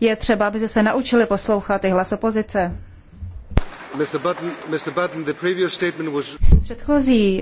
Je třeba, aby se naučili poslouchat i hlas opozice. Předchozí